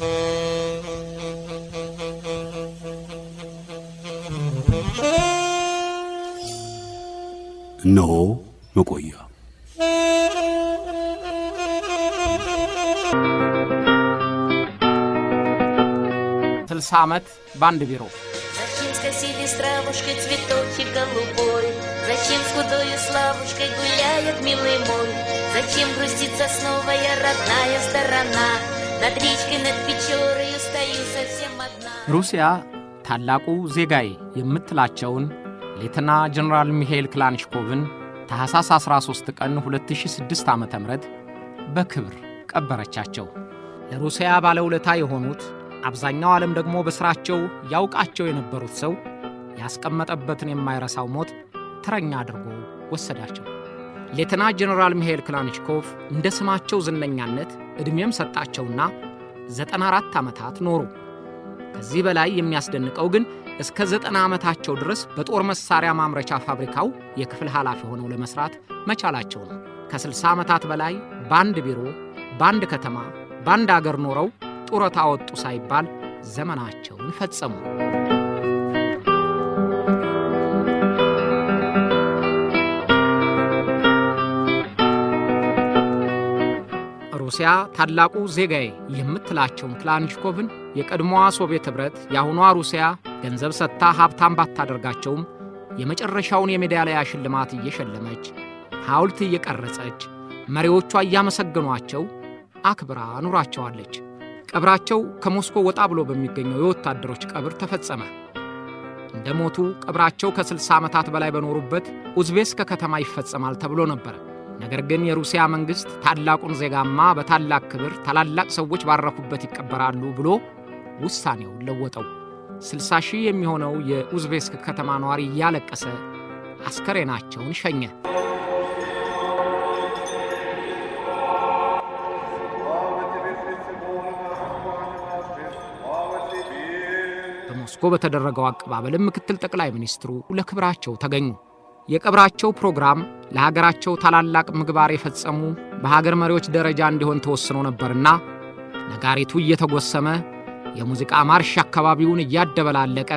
እነሆ መቆያ ስልሳ ዓመት በአንድ ቢሮ скосили стравушкой цветочек голубой? Зачем с худою славушкой гуляет милый мой? Зачем снова я родная сторона? Над речкой, над печорою стою совсем одна. ሩሲያ ታላቁ ዜጋዬ የምትላቸውን ሌተና ጀነራል ሚካኤል ክላንሽኮቭን ታህሳስ 13 ቀን 2006 ዓ ም በክብር ቀበረቻቸው። ለሩሲያ ባለውለታ የሆኑት አብዛኛው ዓለም ደግሞ በሥራቸው ያውቃቸው የነበሩት ሰው ያስቀመጠበትን የማይረሳው ሞት ተረኛ አድርጎ ወሰዳቸው። ሌተና ጀነራል ሚካኤል ክላንሽኮቭ እንደ ስማቸው ዝነኛነት ዕድሜም ሰጣቸውና 94 ዓመታት ኖሩ። ከዚህ በላይ የሚያስደንቀው ግን እስከ 90 ዓመታቸው ድረስ በጦር መሳሪያ ማምረቻ ፋብሪካው የክፍል ኃላፊ ሆነው ለመስራት መቻላቸው ነው። ከ60 ዓመታት በላይ በአንድ ቢሮ፣ በአንድ ከተማ፣ በአንድ አገር ኖረው ጡረታ ወጡ ሳይባል ዘመናቸውን ፈጸሙ። ሩሲያ ታላቁ ዜጋዬ የምትላቸውን ክላንሽኮቭን የቀድሞዋ ሶቪየት ኅብረት የአሁኗ ሩሲያ ገንዘብ ሰጥታ ሀብታም ባታደርጋቸውም የመጨረሻውን የሜዳሊያ ሽልማት እየሸለመች ሐውልት እየቀረጸች መሪዎቿ እያመሰገኗቸው አክብራ ኑራቸዋለች። ቀብራቸው ከሞስኮ ወጣ ብሎ በሚገኘው የወታደሮች ቀብር ተፈጸመ። እንደ ሞቱ ቀብራቸው ከ60 ዓመታት በላይ በኖሩበት ኡዝቤስክ ከተማ ይፈጸማል ተብሎ ነበር። ነገር ግን የሩሲያ መንግሥት ታላቁን ዜጋማ በታላቅ ክብር ታላላቅ ሰዎች ባረፉበት ይቀበራሉ ብሎ ውሳኔውን ለወጠው። ስልሳ ሺህ የሚሆነው የኡዝቤስክ ከተማ ነዋሪ እያለቀሰ አስከሬናቸውን ሸኘ። በሞስኮ በተደረገው አቀባበልም ምክትል ጠቅላይ ሚኒስትሩ ለክብራቸው ተገኙ። የቀብራቸው ፕሮግራም ለሀገራቸው ታላላቅ ምግባር የፈጸሙ በሀገር መሪዎች ደረጃ እንዲሆን ተወስኖ ነበርና ነጋሪቱ እየተጎሰመ የሙዚቃ ማርሽ አካባቢውን እያደበላለቀ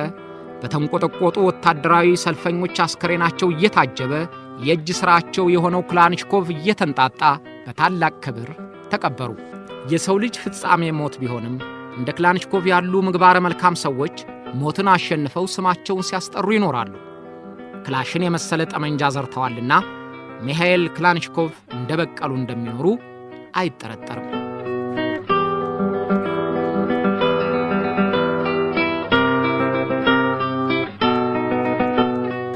በተንቆጠቆጡ ወታደራዊ ሰልፈኞች አስከሬናቸው እየታጀበ የእጅ ሥራቸው የሆነው ክላንሽኮቭ እየተንጣጣ በታላቅ ክብር ተቀበሩ። የሰው ልጅ ፍጻሜ ሞት ቢሆንም እንደ ክላንሽኮቭ ያሉ ምግባረ መልካም ሰዎች ሞትን አሸንፈው ስማቸውን ሲያስጠሩ ይኖራሉ። ክላሽን የመሰለ ጠመንጃ ዘርተዋልና ሚሃኤል ክላንሽኮቭ እንደ በቀሉ እንደሚኖሩ አይጠረጠርም።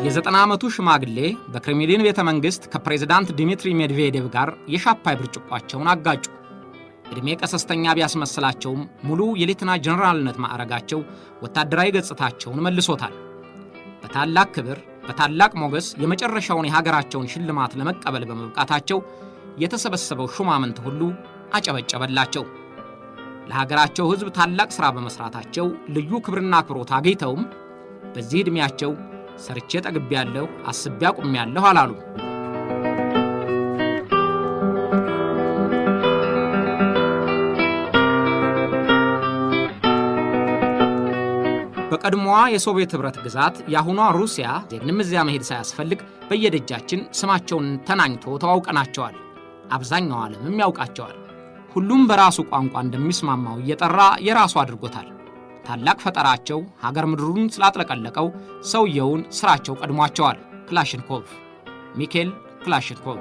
የዘጠና ዓመቱ ሽማግሌ በክሬምሊን ቤተ መንግሥት ከፕሬዝዳንት ዲሚትሪ ሜድቬዴቭ ጋር የሻፓይ ብርጭቋቸውን አጋጩ። ዕድሜ ቀሰስተኛ ቢያስመስላቸውም ሙሉ የሌትና ጀኔራልነት ማዕረጋቸው ወታደራዊ ገጽታቸውን መልሶታል። በታላቅ ክብር በታላቅ ሞገስ የመጨረሻውን የሀገራቸውን ሽልማት ለመቀበል በመብቃታቸው የተሰበሰበው ሹማምንት ሁሉ አጨበጨበላቸው። ለሀገራቸው ሕዝብ ታላቅ ሥራ በመሥራታቸው ልዩ ክብርና አክብሮት አግኝተውም በዚህ ዕድሜያቸው ሰርቼ ጠግቤያለሁ፣ አስቤ አቁሜያለሁ በቀድሞዋ የሶቪየት ኅብረት ግዛት የአሁኗ ሩሲያ ዜንም እዚያ መሄድ ሳያስፈልግ በየደጃችን ስማቸውን ተናኝቶ ተዋውቀናቸዋል። አብዛኛው ዓለምም ያውቃቸዋል። ሁሉም በራሱ ቋንቋ እንደሚስማማው እየጠራ የራሱ አድርጎታል። ታላቅ ፈጠራቸው ሀገር ምድሩን ስላጥለቀለቀው ሰውየውን ሥራቸው ቀድሟቸዋል። ክላሽንኮቭ ሚኬል ክላሽንኮቭ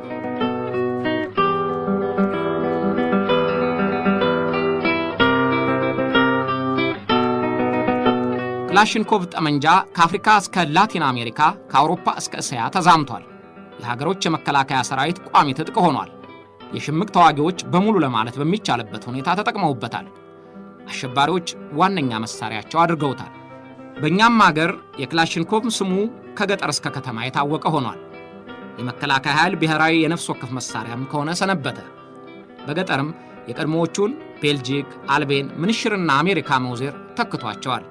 ክላሽንኮቭ ጠመንጃ ከአፍሪካ እስከ ላቲን አሜሪካ ከአውሮፓ እስከ እስያ ተዛምቷል። የሀገሮች የመከላከያ ሰራዊት ቋሚ ትጥቅ ሆኗል። የሽምቅ ተዋጊዎች በሙሉ ለማለት በሚቻልበት ሁኔታ ተጠቅመውበታል። አሸባሪዎች ዋነኛ መሳሪያቸው አድርገውታል። በእኛም አገር የክላሽንኮቭ ስሙ ከገጠር እስከ ከተማ የታወቀ ሆኗል። የመከላከያ ኃይል ብሔራዊ የነፍስ ወከፍ መሳሪያም ከሆነ ሰነበተ። በገጠርም የቀድሞዎቹን ቤልጂክ፣ አልቤን፣ ምንሽርና አሜሪካ መውዜር ተክቷቸዋል።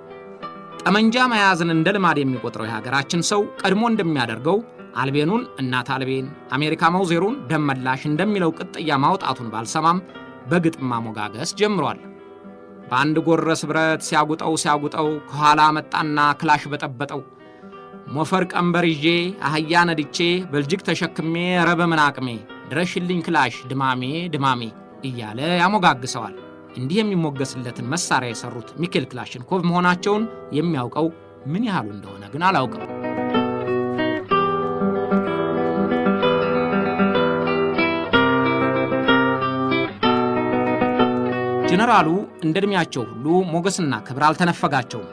ጠመንጃ መያዝን እንደ ልማድ የሚቆጥረው የሀገራችን ሰው ቀድሞ እንደሚያደርገው አልቤኑን እናት አልቤን አሜሪካ መውዜሩን ደመላሽ እንደሚለው ቅጥያ ማውጣቱን ባልሰማም በግጥም ማሞጋገስ ጀምሯል። በአንድ ጎረስ ብረት ሲያጉጠው ሲያጉጠው ከኋላ መጣና ክላሽ በጠበጠው። ሞፈር ቀንበር ይዤ አህያ ነድቼ በልጅግ ተሸክሜ ረበምን አቅሜ ድረሽልኝ ክላሽ ድማሜ ድማሜ እያለ ያሞጋግሰዋል። እንዲህ የሚሞገስለትን መሳሪያ የሰሩት ሚኬል ክላሽንኮቭ መሆናቸውን የሚያውቀው ምን ያህሉ እንደሆነ ግን አላውቅም። ጀነራሉ እንደ ዕድሜያቸው ሁሉ ሞገስና ክብር አልተነፈጋቸውም።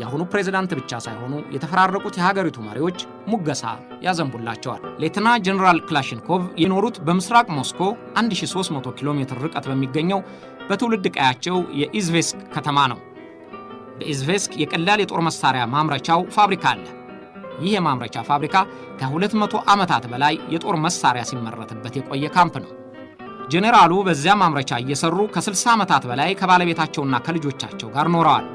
የአሁኑ ፕሬዝዳንት ብቻ ሳይሆኑ የተፈራረቁት የሀገሪቱ መሪዎች ሙገሳ ያዘንቡላቸዋል። ሌትና ጄኔራል ክላሽንኮቭ የኖሩት በምስራቅ ሞስኮ 1300 ኪሎ ሜትር ርቀት በሚገኘው በትውልድ ቀያቸው የኢዝቬስክ ከተማ ነው። በኢዝቬስክ የቀላል የጦር መሳሪያ ማምረቻው ፋብሪካ አለ። ይህ የማምረቻ ፋብሪካ ከ200 ዓመታት በላይ የጦር መሳሪያ ሲመረትበት የቆየ ካምፕ ነው። ጄኔራሉ በዚያ ማምረቻ እየሰሩ ከ60 ዓመታት በላይ ከባለቤታቸውና ከልጆቻቸው ጋር ኖረዋል።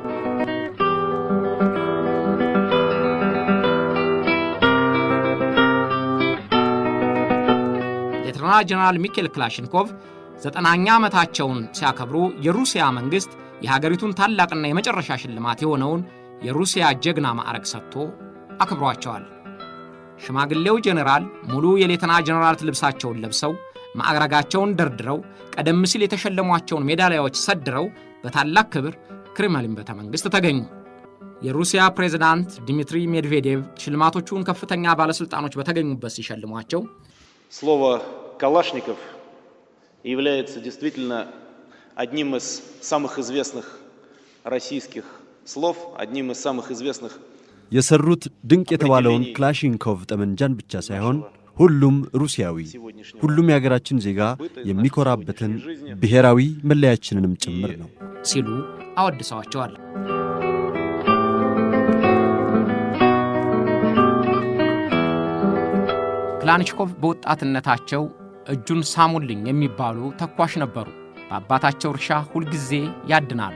ሌተና ጄኔራል ሚካኤል ክላሽንኮቭ ዘጠናኛ ዓመታቸውን ሲያከብሩ የሩሲያ መንግሥት የሀገሪቱን ታላቅና የመጨረሻ ሽልማት የሆነውን የሩሲያ ጀግና ማዕረግ ሰጥቶ አክብሯቸዋል። ሽማግሌው ጄኔራል ሙሉ የሌተና ጄኔራል ልብሳቸውን ለብሰው ማዕረጋቸውን ደርድረው ቀደም ሲል የተሸለሟቸውን ሜዳሊያዎች ሰድረው በታላቅ ክብር ክሬምሊን ቤተ መንግሥት ተገኙ። የሩሲያ ፕሬዝዳንት ዲሚትሪ ሜድቬዴቭ ሽልማቶቹን ከፍተኛ ባለሥልጣኖች በተገኙበት ሲሸልሟቸው ስሎቮ ካላሽኒኮቭ и является действительно одним из самых известных российских слов, одним из самых известных የሰሩት ድንቅ የተባለውን ክላሽንኮቭ ጠመንጃን ብቻ ሳይሆን ሁሉም ሩሲያዊ ሁሉም የሀገራችን ዜጋ የሚኮራበትን ብሔራዊ መለያችንንም ጭምር ነው ሲሉ አወድሰዋቸዋል። ክላሽንኮቭ በወጣትነታቸው እጁን ሳሙልኝ የሚባሉ ተኳሽ ነበሩ። በአባታቸው እርሻ ሁልጊዜ ያድናሉ።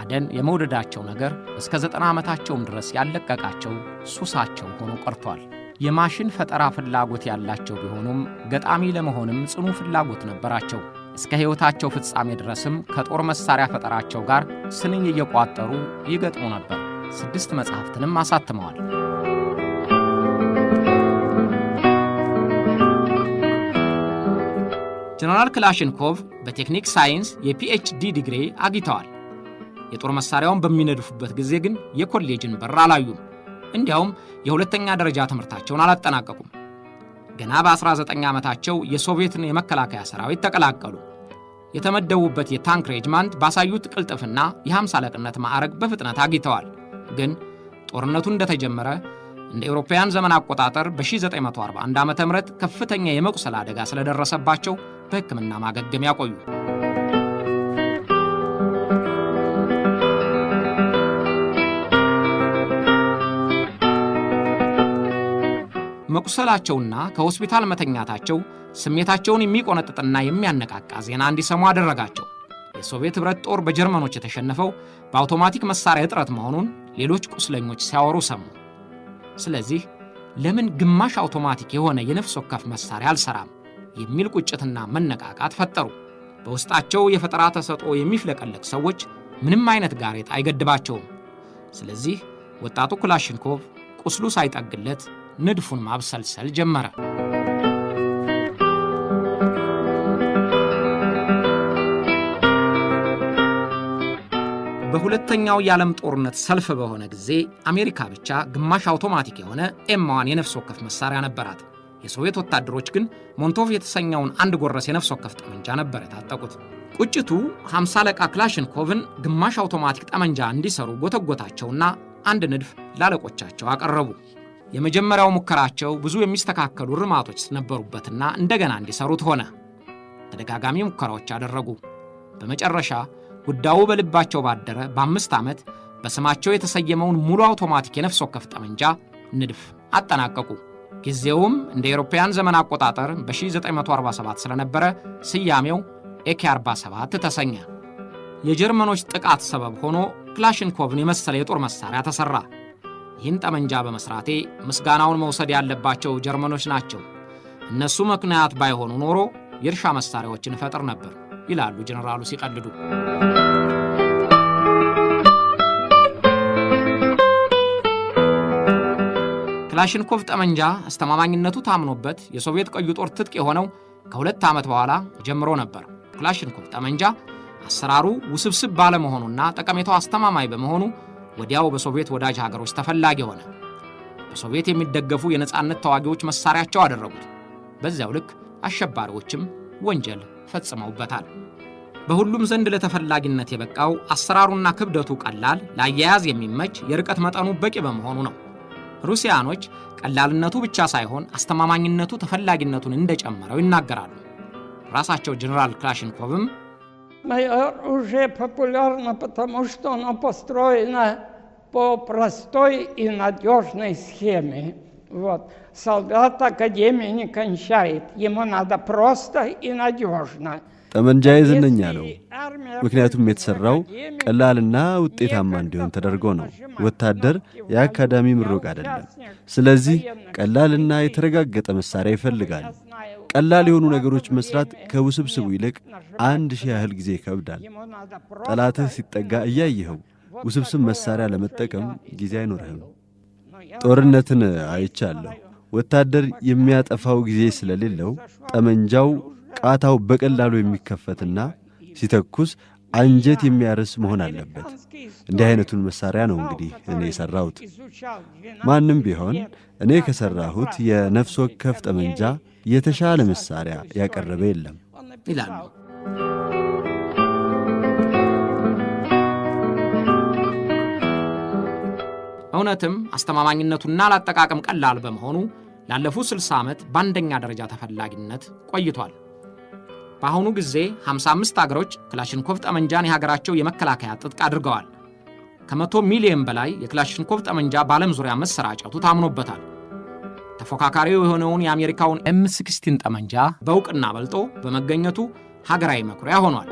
አደን የመውደዳቸው ነገር እስከ ዘጠና ዓመታቸውም ድረስ ያለቀቃቸው ሱሳቸው ሆኖ ቀርቷል። የማሽን ፈጠራ ፍላጎት ያላቸው ቢሆኑም ገጣሚ ለመሆንም ጽኑ ፍላጎት ነበራቸው። እስከ ሕይወታቸው ፍጻሜ ድረስም ከጦር መሣሪያ ፈጠራቸው ጋር ስንኝ እየቋጠሩ ይገጥሙ ነበር። ስድስት መጻሕፍትንም አሳትመዋል። ጀነራል ክላሽንኮቭ በቴክኒክ ሳይንስ የፒኤችዲ ዲግሪ አግኝተዋል። የጦር መሳሪያውን በሚነድፉበት ጊዜ ግን የኮሌጅን በር አላዩም። እንዲያውም የሁለተኛ ደረጃ ትምህርታቸውን አላጠናቀቁም። ገና በ19 ዓመታቸው የሶቪየትን የመከላከያ ሰራዊት ተቀላቀሉ። የተመደቡበት የታንክ ሬጅማንት ባሳዩት ቅልጥፍና የሃምሳ አለቅነት ማዕረግ በፍጥነት አግኝተዋል። ግን ጦርነቱ እንደተጀመረ እንደ ኤውሮፓውያን ዘመን አቆጣጠር በ1941 ዓ ም ከፍተኛ የመቁሰል አደጋ ስለደረሰባቸው በሕክምና ማገገሚያ ያቆዩ መቁሰላቸውና ከሆስፒታል መተኛታቸው ስሜታቸውን የሚቆነጥጥና የሚያነቃቃ ዜና እንዲሰሙ አደረጋቸው። የሶቪየት ኅብረት ጦር በጀርመኖች የተሸነፈው በአውቶማቲክ መሳሪያ እጥረት መሆኑን ሌሎች ቁስለኞች ሲያወሩ ሰሙ። ስለዚህ ለምን ግማሽ አውቶማቲክ የሆነ የነፍስ ወከፍ መሳሪያ አልሰራም የሚል ቁጭትና መነቃቃት ፈጠሩ። በውስጣቸው የፈጠራ ተሰጥኦ የሚፍለቀለቅ ሰዎች ምንም አይነት ጋሬጣ አይገድባቸውም። ስለዚህ ወጣቱ ክላሽንኮቭ ቁስሉ ሳይጠግለት ንድፉን ማብሰልሰል ጀመረ። በሁለተኛው የዓለም ጦርነት ሰልፍ በሆነ ጊዜ አሜሪካ ብቻ ግማሽ አውቶማቲክ የሆነ ኤማዋን የነፍስ ወከፍ መሳሪያ ነበራት። የሶቪየት ወታደሮች ግን ሞንቶቭ የተሰኘውን አንድ ጎረስ የነፍስ ወከፍ ጠመንጃ ነበር የታጠቁት። ቁጭቱ 50 አለቃ ክላሽንኮቭን ግማሽ አውቶማቲክ ጠመንጃ እንዲሰሩ ጎተጎታቸውና አንድ ንድፍ ላለቆቻቸው አቀረቡ። የመጀመሪያው ሙከራቸው ብዙ የሚስተካከሉ ርማቶች ነበሩበትና እንደገና እንዲሰሩት ሆነ። ተደጋጋሚ ሙከራዎች አደረጉ። በመጨረሻ ጉዳዩ በልባቸው ባደረ በአምስት ዓመት በስማቸው የተሰየመውን ሙሉ አውቶማቲክ የነፍስ ወከፍ ጠመንጃ ንድፍ አጠናቀቁ። ጊዜውም እንደ ኤሮፓያን ዘመን አቆጣጠር በ1947 ስለነበረ ስያሜው ኤኬ 47 ተሰኘ። የጀርመኖች ጥቃት ሰበብ ሆኖ ክላሽንኮቭን የመሰለ የጦር መሳሪያ ተሠራ። ይህን ጠመንጃ በመሥራቴ ምስጋናውን መውሰድ ያለባቸው ጀርመኖች ናቸው። እነሱ ምክንያት ባይሆኑ ኖሮ የእርሻ መሳሪያዎችን ፈጥር ነበር ይላሉ ጀኔራሉ ሲቀልዱ። ክላሽንኮቭ ጠመንጃ አስተማማኝነቱ ታምኖበት የሶቪየት ቀዩ ጦር ትጥቅ የሆነው ከሁለት ዓመት በኋላ ጀምሮ ነበር። ክላሽንኮቭ ጠመንጃ አሰራሩ ውስብስብ ባለመሆኑና ጠቀሜታው አስተማማኝ በመሆኑ ወዲያው በሶቪየት ወዳጅ ሀገሮች ተፈላጊ ሆነ። በሶቪየት የሚደገፉ የነፃነት ተዋጊዎች መሳሪያቸው አደረጉት። በዚያው ልክ አሸባሪዎችም ወንጀል ፈጽመውበታል። በሁሉም ዘንድ ለተፈላጊነት የበቃው አሰራሩና ክብደቱ ቀላል፣ ለአያያዝ የሚመች፣ የርቀት መጠኑ በቂ በመሆኑ ነው። ሩሲያኖች ቀላልነቱ ብቻ ሳይሆን አስተማማኝነቱ ተፈላጊነቱን እንደጨመረው ይናገራሉ። ራሳቸው ጀኔራል ክላሽንኮቭም майор уже популярно, потому что оно построено по простой и надежной схеме. Вот. Солдат академии не кончает, ему надо просто и надежно. ጠመንጃዬ ዝነኛ ነው። ምክንያቱም የተሠራው ቀላልና ውጤታማ እንዲሆን ተደርጎ ነው። ወታደር የአካዳሚ ምሩቅ አይደለም። ስለዚህ ቀላልና የተረጋገጠ መሣሪያ ይፈልጋል። ቀላል የሆኑ ነገሮች መስራት ከውስብስቡ ይልቅ አንድ ሺህ ያህል ጊዜ ይከብዳል። ጠላትህ ሲጠጋ እያየኸው ውስብስብ መሣሪያ ለመጠቀም ጊዜ አይኖርህም። ጦርነትን አይቻለሁ። ወታደር የሚያጠፋው ጊዜ ስለሌለው ጠመንጃው ቃታው በቀላሉ የሚከፈትና ሲተኩስ አንጀት የሚያርስ መሆን አለበት። እንዲህ አይነቱን መሳሪያ ነው እንግዲህ እኔ የሠራሁት። ማንም ቢሆን እኔ ከሠራሁት የነፍስ ወከፍ ጠመንጃ የተሻለ መሳሪያ ያቀረበ የለም ይላሉ። እውነትም አስተማማኝነቱና ላጠቃቀም ቀላል በመሆኑ ላለፉት 60 ዓመት በአንደኛ ደረጃ ተፈላጊነት ቆይቷል። በአሁኑ ጊዜ 55 አገሮች ክላሽንኮቭ ጠመንጃን የሀገራቸው የመከላከያ ጥጥቅ አድርገዋል። ከመቶ ሚሊዮን በላይ የክላሽንኮቭ ጠመንጃ በዓለም ዙሪያ መሰራጨቱ ታምኖበታል። ተፎካካሪው የሆነውን የአሜሪካውን ኤም ጠመንጃ በእውቅና በልጦ በመገኘቱ ሀገራዊ መኩሪያ ሆኗል።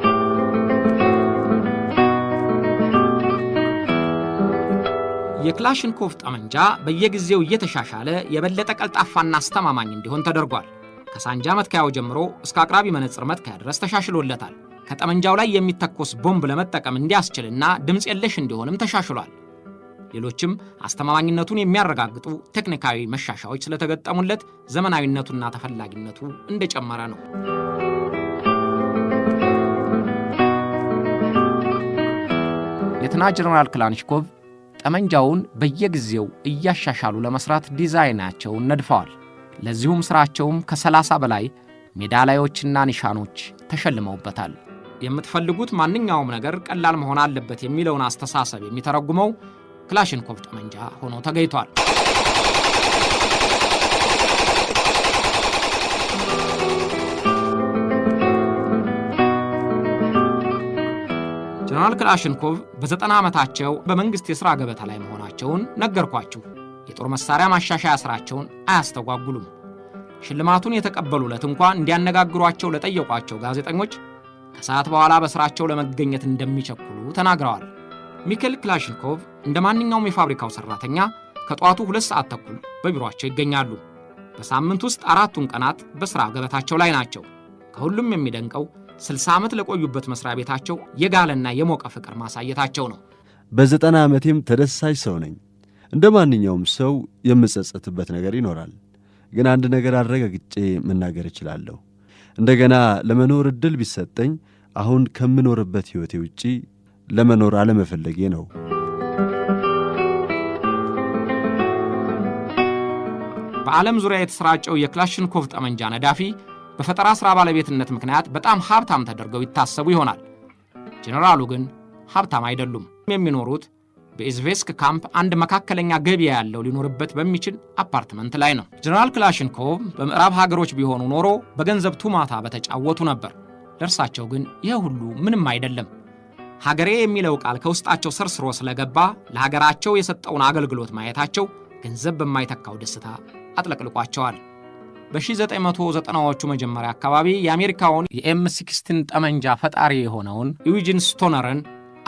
የክላሽንኮቭ ጠመንጃ በየጊዜው እየተሻሻለ የበለጠ ቀልጣፋና አስተማማኝ እንዲሆን ተደርጓል። ከሳንጃ መትከያው ጀምሮ እስከ አቅራቢ መነጽር መትከያ ድረስ ተሻሽሎለታል። ከጠመንጃው ላይ የሚተኮስ ቦምብ ለመጠቀም እንዲያስችልና ድምፅ የለሽ እንዲሆንም ተሻሽሏል። ሌሎችም አስተማማኝነቱን የሚያረጋግጡ ቴክኒካዊ መሻሻዎች ስለተገጠሙለት ዘመናዊነቱና ተፈላጊነቱ እንደጨመረ ነው። ሌተና ጀነራል ክላንሽኮቭ ጠመንጃውን በየጊዜው እያሻሻሉ ለመስራት ዲዛይናቸውን ነድፈዋል። ለዚሁም ሥራቸውም ከ30 በላይ ሜዳሊያዎችና ኒሻኖች ተሸልመውበታል። የምትፈልጉት ማንኛውም ነገር ቀላል መሆን አለበት የሚለውን አስተሳሰብ የሚተረጉመው ክላሽንኮቭ ጠመንጃ ሆኖ ተገኝቷል። ጀነራል ክላሽንኮቭ በዘጠና ዓመታቸው በመንግሥት የሥራ ገበታ ላይ መሆናቸውን ነገርኳችሁ። የጦር መሳሪያ ማሻሻያ ስራቸውን አያስተጓጉሉም። ሽልማቱን የተቀበሉለት እንኳ እንዲያነጋግሯቸው ለጠየቋቸው ጋዜጠኞች ከሰዓት በኋላ በሥራቸው ለመገኘት እንደሚቸኩሉ ተናግረዋል። ሚካኤል ክላሽንኮቭ እንደ ማንኛውም የፋብሪካው ሠራተኛ ከጠዋቱ ሁለት ሰዓት ተኩል በቢሮአቸው ይገኛሉ። በሳምንት ውስጥ አራቱን ቀናት በሥራ ገበታቸው ላይ ናቸው። ከሁሉም የሚደንቀው 60 ዓመት ለቆዩበት መሥሪያ ቤታቸው የጋለና የሞቀ ፍቅር ማሳየታቸው ነው። በዘጠና ዓመቴም ተደሳች ሰው ነኝ እንደ ማንኛውም ሰው የምጸጸትበት ነገር ይኖራል። ግን አንድ ነገር አረጋግጬ መናገር እችላለሁ። እንደገና ለመኖር ዕድል ቢሰጠኝ አሁን ከምኖርበት ሕይወቴ ውጪ ለመኖር አለመፈለጌ ነው። በዓለም ዙሪያ የተሰራጨው የክላሽንኮቭ ጠመንጃ ነዳፊ በፈጠራ ሥራ ባለቤትነት ምክንያት በጣም ሀብታም ተደርገው ይታሰቡ ይሆናል። ጄኔራሉ ግን ሀብታም አይደሉም። የሚኖሩት በኢዝቬስክ ካምፕ አንድ መካከለኛ ገቢያ ያለው ሊኖርበት በሚችል አፓርትመንት ላይ ነው። ጀነራል ክላሽንኮቭ በምዕራብ ሀገሮች ቢሆኑ ኖሮ በገንዘብ ቱማታ በተጫወቱ ነበር። ለእርሳቸው ግን ይህ ሁሉ ምንም አይደለም። ሀገሬ የሚለው ቃል ከውስጣቸው ሰርስሮ ስለገባ ለሀገራቸው የሰጠውን አገልግሎት ማየታቸው ገንዘብ በማይተካው ደስታ አጥለቅልቋቸዋል። በ1990ዎቹ መጀመሪያ አካባቢ የአሜሪካውን የኤም ሲክስቲን ጠመንጃ ፈጣሪ የሆነውን ዩጂን ስቶነርን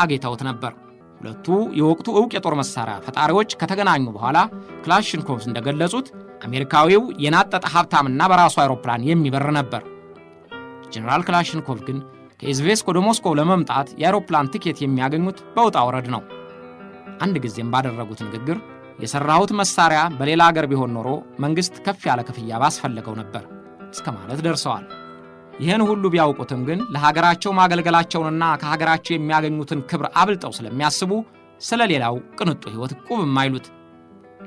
አጌተውት ነበር። ሁለቱ የወቅቱ እውቅ የጦር መሳሪያ ፈጣሪዎች ከተገናኙ በኋላ ክላሽንኮቭስ እንደገለጹት አሜሪካዊው የናጠጠ ሀብታምና በራሱ አይሮፕላን የሚበር ነበር። ጀኔራል ክላሽንኮቭ ግን ከኢዝቬስክ ወደ ሞስኮው ለመምጣት የአይሮፕላን ትኬት የሚያገኙት በውጣ ውረድ ነው። አንድ ጊዜም ባደረጉት ንግግር የሠራሁት መሳሪያ በሌላ አገር ቢሆን ኖሮ መንግሥት ከፍ ያለ ክፍያ ባስፈለገው ነበር እስከ ማለት ደርሰዋል። ይህን ሁሉ ቢያውቁትም ግን ለሀገራቸው ማገልገላቸውንና ከሀገራቸው የሚያገኙትን ክብር አብልጠው ስለሚያስቡ ስለ ሌላው ቅንጡ ሕይወት ቁብ የማይሉት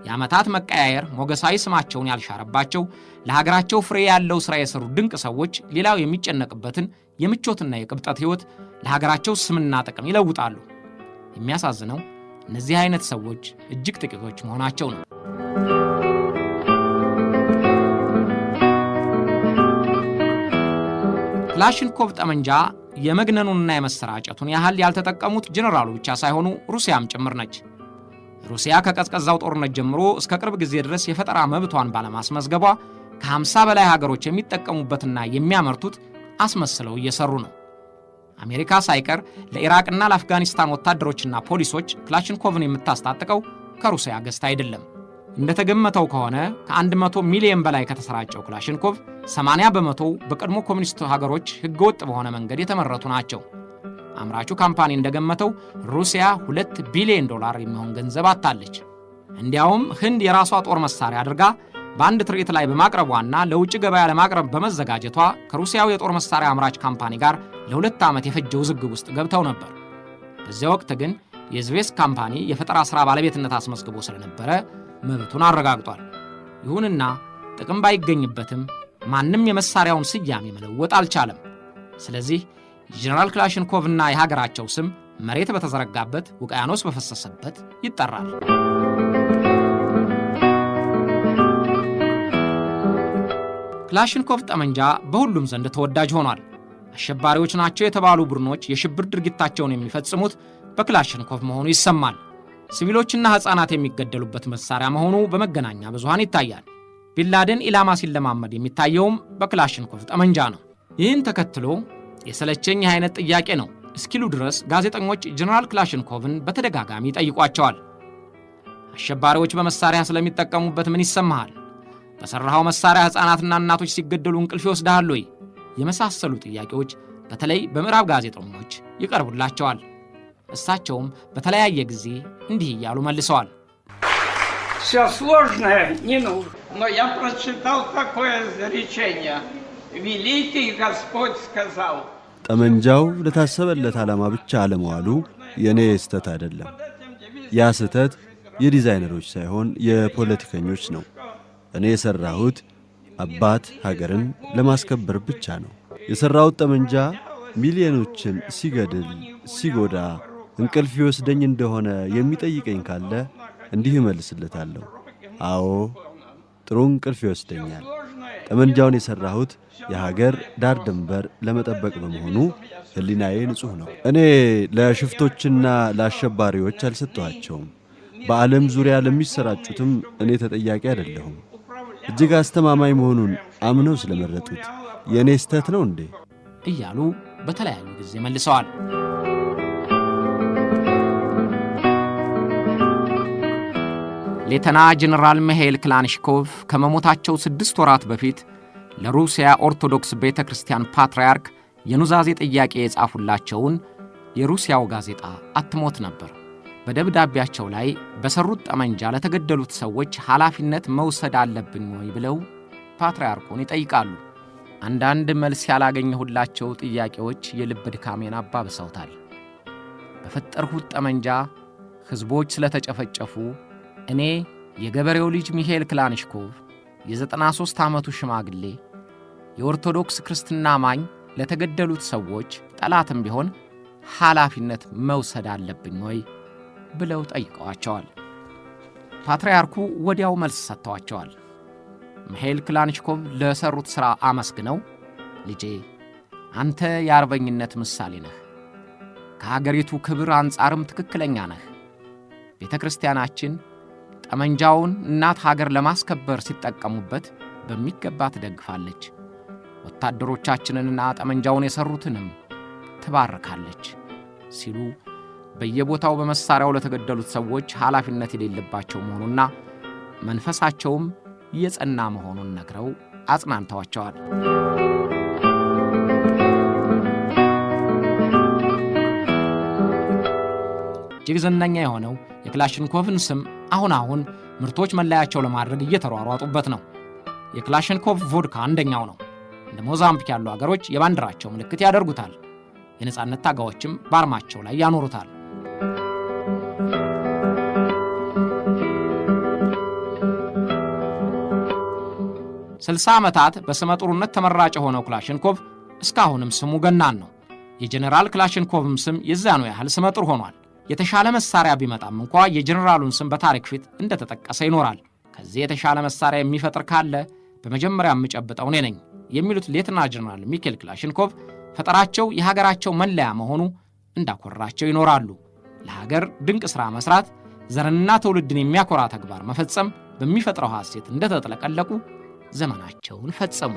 የዓመታት መቀያየር ሞገሳዊ ስማቸውን ያልሻረባቸው ለሀገራቸው ፍሬ ያለው ሥራ የሰሩ ድንቅ ሰዎች ሌላው የሚጨነቅበትን የምቾትና የቅብጠት ሕይወት ለሀገራቸው ስምና ጥቅም ይለውጣሉ። የሚያሳዝነው እነዚህ አይነት ሰዎች እጅግ ጥቂቶች መሆናቸው ነው። ክላሽንኮቭ ጠመንጃ የመግነኑንና የመሰራጨቱን ያህል ያልተጠቀሙት ጀኔራሉ ብቻ ሳይሆኑ ሩሲያም ጭምር ነች። ሩሲያ ከቀዝቀዛው ጦርነት ጀምሮ እስከ ቅርብ ጊዜ ድረስ የፈጠራ መብቷን ባለማስመዝገቧ ከ50 በላይ ሀገሮች የሚጠቀሙበትና የሚያመርቱት አስመስለው እየሰሩ ነው። አሜሪካ ሳይቀር ለኢራቅና ለአፍጋኒስታን ወታደሮችና ፖሊሶች ክላሽንኮቭን የምታስታጥቀው ከሩሲያ ገዝታ አይደለም። እንደተገመተው ከሆነ ከ100 ሚሊዮን በላይ ከተሰራጨው ክላሽንኮቭ 80 በመቶ በቀድሞ ኮሚኒስት ሀገሮች ህገወጥ በሆነ መንገድ የተመረቱ ናቸው። አምራቹ ካምፓኒ እንደገመተው ሩሲያ 2 ቢሊዮን ዶላር የሚሆን ገንዘብ አታለች። እንዲያውም ህንድ የራሷ ጦር መሳሪያ አድርጋ በአንድ ትርኢት ላይ በማቅረቧና ለውጭ ገበያ ለማቅረብ በመዘጋጀቷ ከሩሲያው የጦር መሳሪያ አምራች ካምፓኒ ጋር ለሁለት ዓመት የፈጀ ውዝግብ ውስጥ ገብተው ነበር። በዚያ ወቅት ግን የዝቬስ ካምፓኒ የፈጠራ ሥራ ባለቤትነት አስመዝግቦ ስለነበረ መብቱን አረጋግጧል። ይሁንና ጥቅም ባይገኝበትም ማንም የመሳሪያውን ስያሜ መለወጥ አልቻለም። ስለዚህ ጀነራል ክላሽንኮቭና የሀገራቸው ስም መሬት በተዘረጋበት ውቅያኖስ በፈሰሰበት ይጠራል። ክላሽንኮቭ ጠመንጃ በሁሉም ዘንድ ተወዳጅ ሆኗል። አሸባሪዎች ናቸው የተባሉ ቡድኖች የሽብር ድርጊታቸውን የሚፈጽሙት በክላሽንኮቭ መሆኑ ይሰማል። ሲቪሎችና ሕፃናት የሚገደሉበት መሳሪያ መሆኑ በመገናኛ ብዙሃን ይታያል። ቢንላደን ኢላማ ሲለማመድ የሚታየውም በክላሽንኮቭ ጠመንጃ ነው። ይህን ተከትሎ የሰለቸኝ የአይነት ጥያቄ ነው እስኪሉ ድረስ ጋዜጠኞች ጀነራል ክላሽንኮቭን በተደጋጋሚ ይጠይቋቸዋል። አሸባሪዎች በመሳሪያ ስለሚጠቀሙበት ምን ይሰማሃል? በሠራኸው መሳሪያ ሕፃናትና እናቶች ሲገደሉ እንቅልፍ ይወስድሃል ወይ? የመሳሰሉ ጥያቄዎች በተለይ በምዕራብ ጋዜጠኞች ይቀርቡላቸዋል። እሳቸውም በተለያየ ጊዜ እንዲህ እያሉ መልሰዋል። ጠመንጃው ለታሰበለት ዓላማ ብቻ አለመዋሉ የእኔ ስህተት አይደለም። ያ ስህተት የዲዛይነሮች ሳይሆን የፖለቲከኞች ነው። እኔ የሠራሁት አባት ሀገርን ለማስከበር ብቻ ነው። የሠራሁት ጠመንጃ ሚሊዮኖችን ሲገድል ሲጎዳ እንቅልፍ ይወስደኝ እንደሆነ የሚጠይቀኝ ካለ እንዲህ እመልስለታለሁ፣ አዎ ጥሩ እንቅልፍ ይወስደኛል። ጠመንጃውን የሠራሁት የሀገር ዳር ድንበር ለመጠበቅ በመሆኑ ሕሊናዬ ንጹሕ ነው። እኔ ለሽፍቶችና ለአሸባሪዎች አልሰጠኋቸውም። በዓለም ዙሪያ ለሚሰራጩትም እኔ ተጠያቂ አይደለሁም። እጅግ አስተማማኝ መሆኑን አምነው ስለመረጡት የእኔ ስተት ነው እንዴ? እያሉ በተለያዩ ጊዜ መልሰዋል። ሌተና ጀኔራል ሚሄይል ክላንሽኮቭ ከመሞታቸው ስድስት ወራት በፊት ለሩሲያ ኦርቶዶክስ ቤተ ክርስቲያን ፓትርያርክ የኑዛዜ ጥያቄ የጻፉላቸውን የሩሲያው ጋዜጣ አትሞት ነበር። በደብዳቤያቸው ላይ በሰሩት ጠመንጃ ለተገደሉት ሰዎች ኃላፊነት መውሰድ አለብኝ ወይ ብለው ፓትርያርኩን ይጠይቃሉ። አንዳንድ መልስ ያላገኘሁላቸው ጥያቄዎች የልብ ድካሜን አባብሰውታል። በፈጠርሁት ጠመንጃ ሕዝቦች ስለተጨፈጨፉ እኔ የገበሬው ልጅ ሚካኤል ክላንሽኮቭ የ93 ዓመቱ ሽማግሌ የኦርቶዶክስ ክርስትና ማኝ ለተገደሉት ሰዎች ጠላትም ቢሆን ኃላፊነት መውሰድ አለብኝ ወይ ብለው ጠይቀዋቸዋል። ፓትርያርኩ ወዲያው መልስ ሰጥተዋቸዋል። ሚካኤል ክላንሽኮቭ ለሠሩት ሥራ አመስግነው ልጄ አንተ የአርበኝነት ምሳሌ ነህ፣ ከአገሪቱ ክብር አንጻርም ትክክለኛ ነህ። ቤተ ክርስቲያናችን ጠመንጃውን እናት ሀገር ለማስከበር ሲጠቀሙበት በሚገባ ትደግፋለች። ወታደሮቻችንንና ጠመንጃውን የሠሩትንም ትባርካለች ሲሉ በየቦታው በመሳሪያው ለተገደሉት ሰዎች ኃላፊነት የሌለባቸው መሆኑና መንፈሳቸውም የጸና መሆኑን ነግረው አጽናንተዋቸዋል። እጅግ ዝነኛ የሆነው የክላሽንኮቭን ስም አሁን አሁን ምርቶች መለያቸው ለማድረግ እየተሯሯጡበት ነው። የክላሽንኮቭ ቮድካ አንደኛው ነው። እንደ ሞዛምቢክ ያሉ አገሮች የባንዲራቸው ምልክት ያደርጉታል። የነፃነት ታጋዎችም በአርማቸው ላይ ያኖሩታል። ስልሳ ዓመታት በስመ ጥሩነት ተመራጭ የሆነው ክላሽንኮቭ እስካሁንም ስሙ ገናን ነው። የጀኔራል ክላሽንኮቭም ስም የዚያኑ ያህል ስመ ጥሩ ሆኗል። የተሻለ መሳሪያ ቢመጣም እንኳ የጀኔራሉን ስም በታሪክ ፊት እንደተጠቀሰ ይኖራል። ከዚህ የተሻለ መሳሪያ የሚፈጥር ካለ በመጀመሪያ የምጨብጠው እኔ ነኝ የሚሉት ሌትና ጀነራል ሚካኤል ክላሽንኮቭ ፈጠራቸው የሀገራቸው መለያ መሆኑ እንዳኮራቸው ይኖራሉ። ለሀገር ድንቅ ሥራ መሥራት፣ ዘርንና ትውልድን የሚያኮራ ተግባር መፈጸም በሚፈጥረው ሐሴት እንደተጥለቀለቁ ዘመናቸውን ፈጸሙ።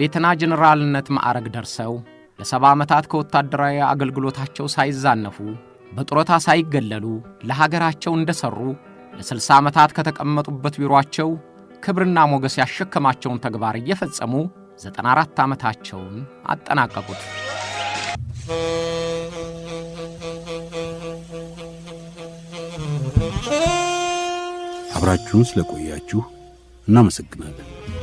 በሌተና ጀነራልነት ማዕረግ ደርሰው ለሰባ ዓመታት ከወታደራዊ አገልግሎታቸው ሳይዛነፉ በጡረታ ሳይገለሉ ለሀገራቸው እንደሠሩ ለስልሳ ዓመታት ከተቀመጡበት ቢሮአቸው ክብርና ሞገስ ያሸከማቸውን ተግባር እየፈጸሙ 94 ዓመታቸውን አጠናቀቁት። አብራችሁን ስለቆያችሁ እናመሰግናለን።